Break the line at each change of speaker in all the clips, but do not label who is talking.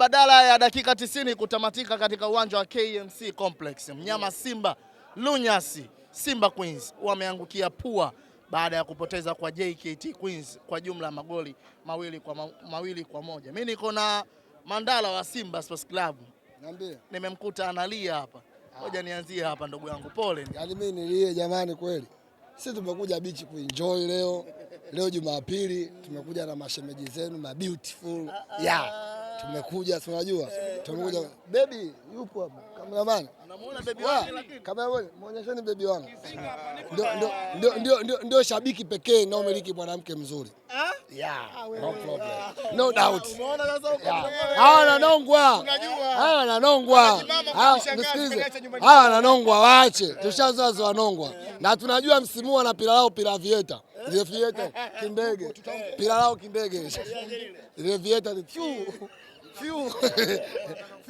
badala ya dakika 90 kutamatika katika uwanja wa KMC Complex. Mnyama Simba Lunyasi Simba Queens wameangukia pua baada ya kupoteza kwa JKT Queens kwa jumla ya magoli mawili kwa, mawili kwa moja. Mimi niko na Mandala wa Simba Sports Club. Niambie. Nimemkuta analia hapa. Ngoja nianzie hapa ndugu yangu. Pole.
Yaani mimi nilie jamani kweli. Sisi tumekuja bichi kuenjoy leo. Leo Jumapili tumekuja na mashemeji zenu ma beautiful. Yeah. Ah. Tumekuja si unajua, eh, tumekuja bebi yupo hapa, kameramani, unamuona bebi wangu, muonyesheni wangu. Ndio shabiki pekee na miliki mwanamke mzuri, ah? Ah, no problem, ah. no doubt. Hawa wananongwa, wache wananongwa, waache, eh. tushazazi wanongwa eh. na tunajua msimu na pila lao pila vieta vieta kindege pira lao kimbege vieta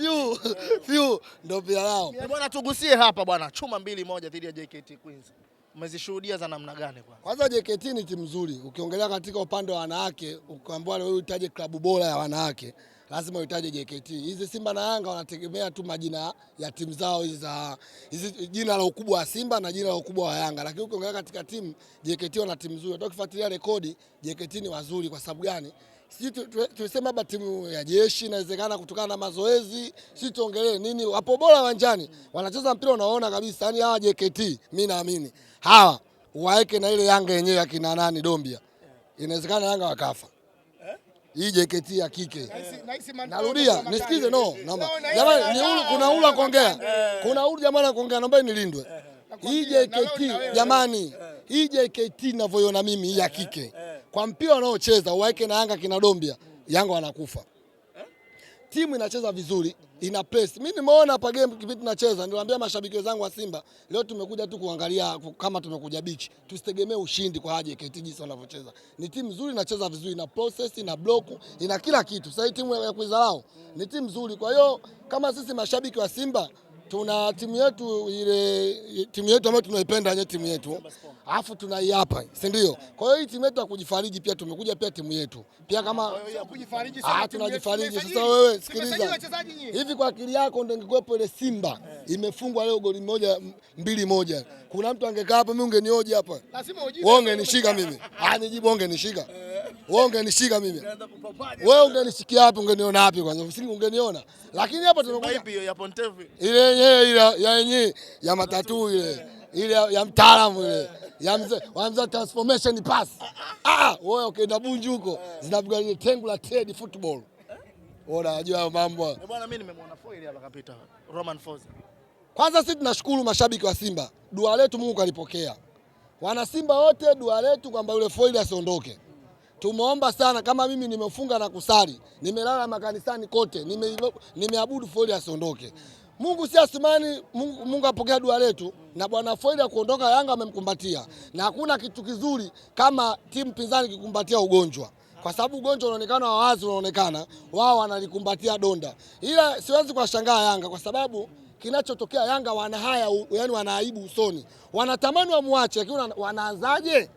ndio pia lao
bwana. Tugusie hapa bwana, chuma mbili moja dhidi ya JKT Queens umezishuhudia za namna gani?
Kwanza JKT ni timu nzuri, ukiongelea katika upande wa wanawake, ukiambiwa wewe uhitaji klabu bora ya wanawake lazima uhitaji JKT. Hizi Simba na Yanga wanategemea tu majina ya timu zao hizi za hizi, jina la ukubwa wa Simba na jina la ukubwa wa Yanga, lakini ukiongelea katika timu JKT wana timu nzuri. Hata ukifuatilia rekodi JKT ni wazuri. Kwa sababu gani? sisi tuseme labda timu ya jeshi inawezekana kutokana na mazoezi, sisi tuongelee nini, wapo bora uwanjani, wanacheza mpira, unaona kabisa. Yani hawa JKT mimi naamini hawa waeke na ile Yanga yenyewe kina nani Dombia, inawezekana Yanga wakafa hii JKT ya kike narudia, nisikize. No, jamani, kuna ula kuongea, kuna ula jamani akuongea, naomba nilindwe hii JKT jamani, hii JKT ninavyoiona mimi ya kike kwa mpira wanaocheza uwaeke na Yanga kina Dombia, Yanga wanakufa. Timu inacheza vizuri, ina press. Mimi nimeona hapa game kipindi tunacheza, niliwaambia mashabiki wenzangu wa Simba, leo tumekuja tu kuangalia kama tumekuja bichi. Tusitegemee ushindi kwa haja KT jinsi wanavyocheza. Ni timu nzuri inacheza vizuri, ina process, ina block, ina kila kitu. Sasa hii timu ya kuizalao ni timu nzuri. Kwa hiyo kama sisi mashabiki wa Simba tuna timu yetu ile timu yetu ambayo tunaipenda nye timu yetu, alafu tunaiapa, si ndio? Kwa hiyo hii timu yetu ya kujifariji pia tumekuja pia timu yetu pia kama ah, tunajifariji sasa. Wewe sikiliza hivi, kwa akili yako ndio ile Simba eh. imefungwa leo goli moja mbili moja, kuna mtu angekaa hapo, mimi ungenioje hapa, lazima ujie, ungenishika mimi, ah, nijibu ungenishika eh. Wewe ungenishika mimi. Wewe ungenishikia hapo ungeniona wapi kwanza? Usingi ungeniona. Lakini hapa hapo tumekuja.
Hiyo ya Pontevi.
Ile yenyewe ile ya yenyewe ya matatu ile. Ile ya mtaalamu ile. Ya mzee, wa mzee transformation pass. Ah, ah, wewe ukienda Bunju huko zinapiga ile tengu la Ted football. Wewe unajua hayo mambo. Eh,
bwana mimi nimemwona foil hapa kapita. Roman Forza.
Kwanza sisi tunashukuru mashabiki wa Simba. Dua letu Mungu kalipokea. Wana Simba wote dua letu kwamba yule foil asiondoke. Tumeomba sana kama mimi nimefunga na kusali, nimelala makanisani kote, nimeabudu nime Foli asiondoke. Mungu si asimani, Mungu, Mungu apokea dua letu na bwana Foli kuondoka. Yanga amemkumbatia na hakuna kitu kizuri kama timu pinzani kikumbatia ugonjwa kwa sababu ugonjwa unaonekana wa wazi, unaonekana wao wanalikumbatia donda, ila siwezi kuwashangaa Yanga kwa sababu kinachotokea Yanga wana haya, yani wanaaibu usoni, wanatamani wamwache, lakini wanaanzaje?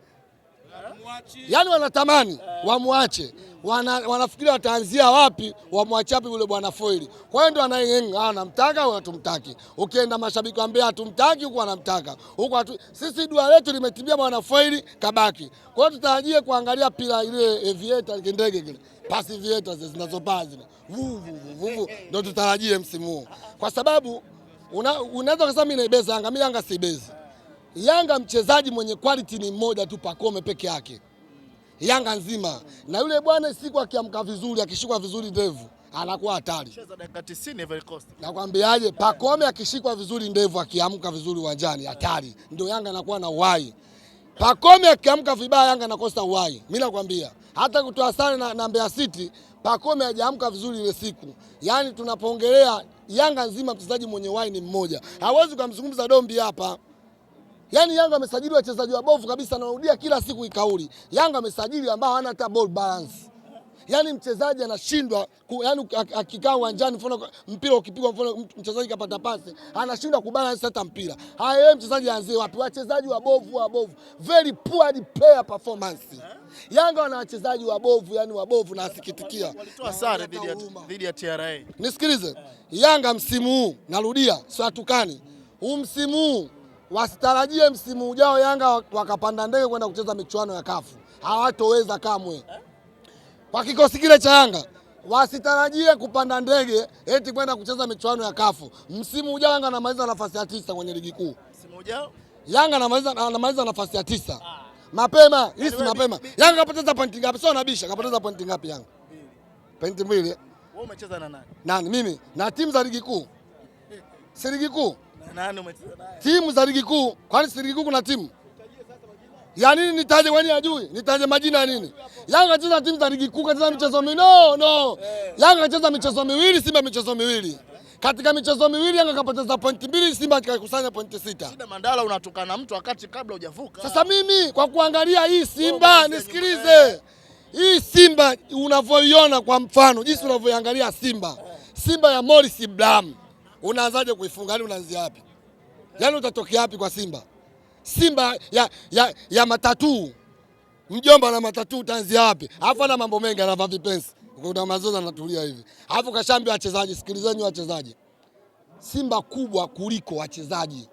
yani wanatamani wamwache, wana, wanafikiri wataanzia wapi, wamwache wapi yule bwana Foili. Kwa hiyo ndo anayeng'ang'ana, anamtaka au hatumtaki. Ukienda mashabiki wambia hatumtaki, huku anamtaka huku atu... sisi dua letu limetibia, bwana Foili kabaki. Kwa hiyo tutarajie kuangalia pila ile evieta eh, kindege kile pasi vieta zinazopaa zile vuvuvuvuvu ndo tutarajie msimu huu, kwa sababu unaweza una, ukasema mimi naibeza Yanga, mimi Yanga siibezi Yanga mchezaji mwenye quality ni mmoja tu, Pacome peke yake Yanga nzima. Na yule bwana siku akiamka vizuri, akishikwa vizuri ndevu anakuwa hatari. Nakwambiaje, Pacome akishikwa vizuri ndevu, akiamka vizuri uwanjani hatari, ndio Yanga anakuwa na uhai. Pacome akiamka vibaya, Yanga anakosa uhai. Mimi nakwambia hata kutoa sare na, na Mbeya City Pacome hajaamka vizuri ile siku. Yaani tunapoongelea Yanga nzima mchezaji mwenye uhai ni mmoja, hawezi kumzungumza Dombi hapa. Yaani Yanga amesajili wachezaji wabovu kabisa, anarudia kila siku ikauli. Yanga amesajili ambao hawana hata ball balance. Yaani mchezaji anashindwa yaani akikaa uwanjani mfano mpira ukipigwa mfano mchezaji kapata pasi, anashindwa kubalance hata mpira. Haya, Haelewi mchezaji anzie wapi. Wachezaji wabovu wabovu. Very poor player performance. Yanga wana wachezaji wabovu yani wabovu na asikitikia.
Walitoa sare dhidi ya TRA.
Nisikilize. Yanga msimu huu narudia, sio Huu msimu huu wasitarajie msimu ujao Yanga wakapanda ndege kwenda kucheza michuano ya kafu, hawatoweza kamwe eh? kwa kikosi kile cha Yanga wasitarajie kupanda ndege eti kwenda kucheza michuano ya kafu. Msimu ujao Yanga anamaliza nafasi ya tisa kwenye ligi kuu. Msimu ujao Yanga anamaliza nafasi ya tisa ah. mapema, hisi mapema. Yanga kapoteza pointi ngapi? Sio nabisha, kapoteza pointi ngapi? Yanga pointi mbili.
Wewe umecheza na nani?
Nani? Mimi na timu za ligi kuu, si ligi kuu timu za ligi kuu. Kwani si ligi kuu kuna timu ya nini? Nitaje wani ajui? Nitaje majina ya nini? Yanga cheza timu za ligi kuu katika michezo miwili? No, no. Eh. Yanga cheza michezo miwili, Simba michezo miwili. Katika michezo miwili Yanga kapoteza pointi mbili, Simba akakusanya pointi sita.
Shida Mandala, unatukana mtu wakati kabla hujavuka.
Sasa mimi kwa kuangalia hii Simba, oh, nisikilize eh. hii Simba unavyoiona, kwa mfano jinsi unavyoiangalia Simba, eh. Simba ya Morris Ibrahim unaanzaje kuifunga? Yani unaanzia wapi? Yani utatokea wapi kwa Simba? Simba ya, ya, ya matatu mjomba na matatu utaanzia wapi? Alafu ana mambo mengi, anavaa vipensi, kuna mazoezi anatulia hivi, alafu kashambi wachezaji. Sikilizeni wachezaji, Simba kubwa kuliko wachezaji.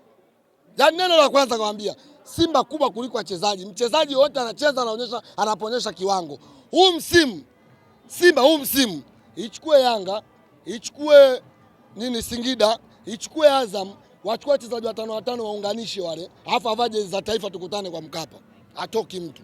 Yani neno la kwanza kawambia Simba kubwa kuliko wachezaji. Mchezaji wote anacheza, anaonyesha, anaponyesha kiwango. Huu msimu Simba huu msimu ichukue Yanga ichukue nini Singida ichukue Azam, wachukue wachezaji watano watano waunganishe wale, alafu avaa jezi za taifa, tukutane kwa Mkapa, atoki mtu.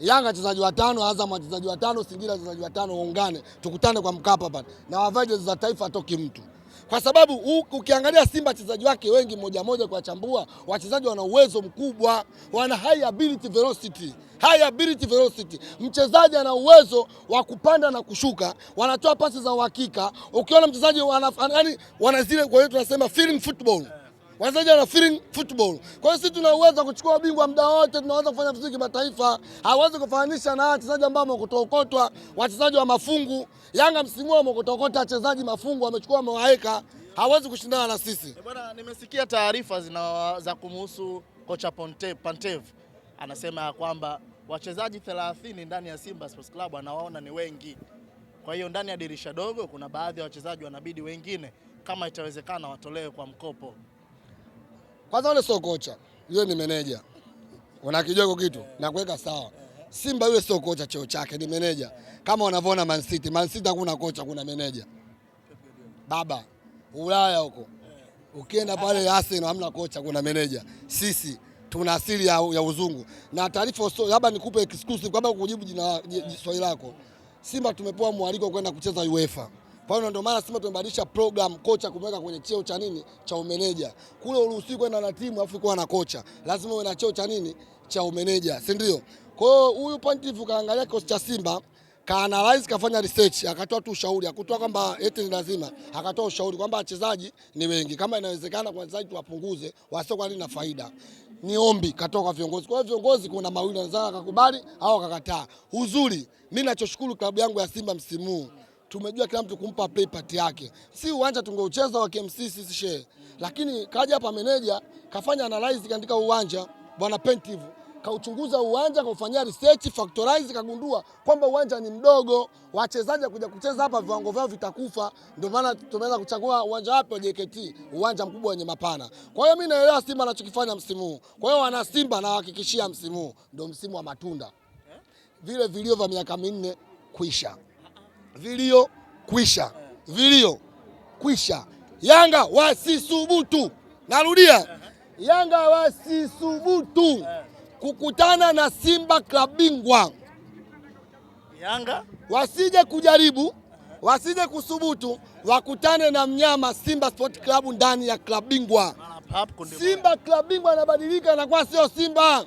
Yanga wachezaji watano, Azam wachezaji watano, Singida wachezaji watano, waungane tukutane kwa Mkapa pale, na wavaa jezi za taifa, atoki mtu kwa sababu ukiangalia Simba wachezaji wake wengi moja moja kuwachambua, wachezaji wana uwezo mkubwa, wana high ability velocity, high ability velocity. Mchezaji ana uwezo wa kupanda na kushuka, wanatoa pasi za uhakika. Ukiona mchezaji wana, yani wana zile, kwa hiyo tunasema film football wachezaji wana feeling football. Kwa hiyo sisi tuna uwezo kuchukua ubingwa muda wote, tunaweza kufanya vizuri kimataifa. Hawezi kufananisha na wachezaji ambao wamekotokotwa, wachezaji wa mafungu. Yanga msimu huo wamekutokota wachezaji mafungu, wamechukua mwaeka hawezi kushindana na sisi. Eh,
bwana, nimesikia taarifa za kumuhusu kocha Ponte, Pantev anasema ya kwamba wachezaji 30 ndani ya Simba Sports Club anawaona ni wengi, kwa hiyo ndani ya dirisha dogo kuna baadhi ya wachezaji wanabidi wengine kama itawezekana watolewe kwa mkopo.
Kwanza wale sio kocha, yule ni meneja. Unakijua hiyo kitu na kuweka sawa. Simba yule sio kocha, cheo chake ni meneja. Kama wanavyoona Man City, Man City hakuna kocha, kuna meneja. Baba Ulaya huko ukienda pale Arsenal hamna kocha, kuna meneja. Sisi tuna asili ya, ya uzungu na taarifa. So, labda nikupe exclusive, kwamba kujibu jina swali lako. Simba tumepewa mwaliko kwenda kucheza UEFA. Kwa hiyo ndio maana Simba tumebadilisha program kocha kumweka kwenye cheo cha nini cha umeneja. Kule uruhusiwi kwenda na timu afu kuwa na kocha, lazima uwe na cheo cha nini cha umeneja, si ndio? Kwa hiyo huyu Pantev kaangalia kikosi cha Simba ka analyze kafanya research akatoa tu ushauri, akutoa kwamba eti ni lazima, akatoa ushauri kwamba wachezaji ni wengi, kama inawezekana kwa wachezaji tuwapunguze wasio kwa nini na faida. Ni ombi katoka kwa viongozi. Kwa hiyo viongozi kuna mawili, wanaweza akakubali au akakataa. Uzuri mimi nachoshukuru klabu yangu ya Simba msimu huu tumejua kila mtu kumpa play part yake, si uwanja tungeucheza wa KMC sisi shehe, lakini kaja hapa meneja kafanya analyze katika uwanja bwana Pentive kauchunguza uwanja kaufanyia research factorize, kagundua kwamba uwanja ni mdogo, wachezaji kuja kucheza hapa viwango vyao vitakufa. Ndio maana tumeweza kuchagua uwanja wapi wa JKT, uwanja mkubwa wenye mapana. Kwa hiyo mimi naelewa Simba anachokifanya msimu huu. Kwa hiyo wana Simba nawahakikishia, msimu huu ndio msimu wa matunda, vile vilio vya miaka minne kuisha vilio kwisha, vilio kwisha. Yanga wasisubutu, narudia, Yanga wasisubutu kukutana na Simba klabu bingwa. Yanga wasije kujaribu, wasije kusubutu, wakutane na mnyama Simba Sport Club ndani ya klabu bingwa. Simba klabu bingwa inabadilika, inakuwa sio Simba.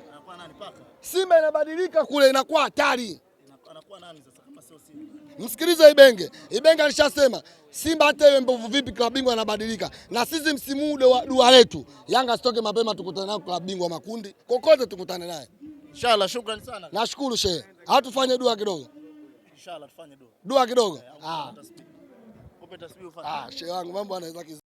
Simba inabadilika kule, inakuwa hatari. Msikilize Ibenge. Ibenge alishasema Simba hata iwe mbovu vipi, klabu bingwa anabadilika, na sisi msimu huu dua letu Yanga sitoke mapema, tukutane nayo klabu bingwa makundi, kokote tukutane naye
inshallah. Shukrani sana,
nashukuru shehe, hatufanye dua kidogo
inshallah, tufanye dua
dua kidogo. Ah. ah, shehe wangu mambo anaweza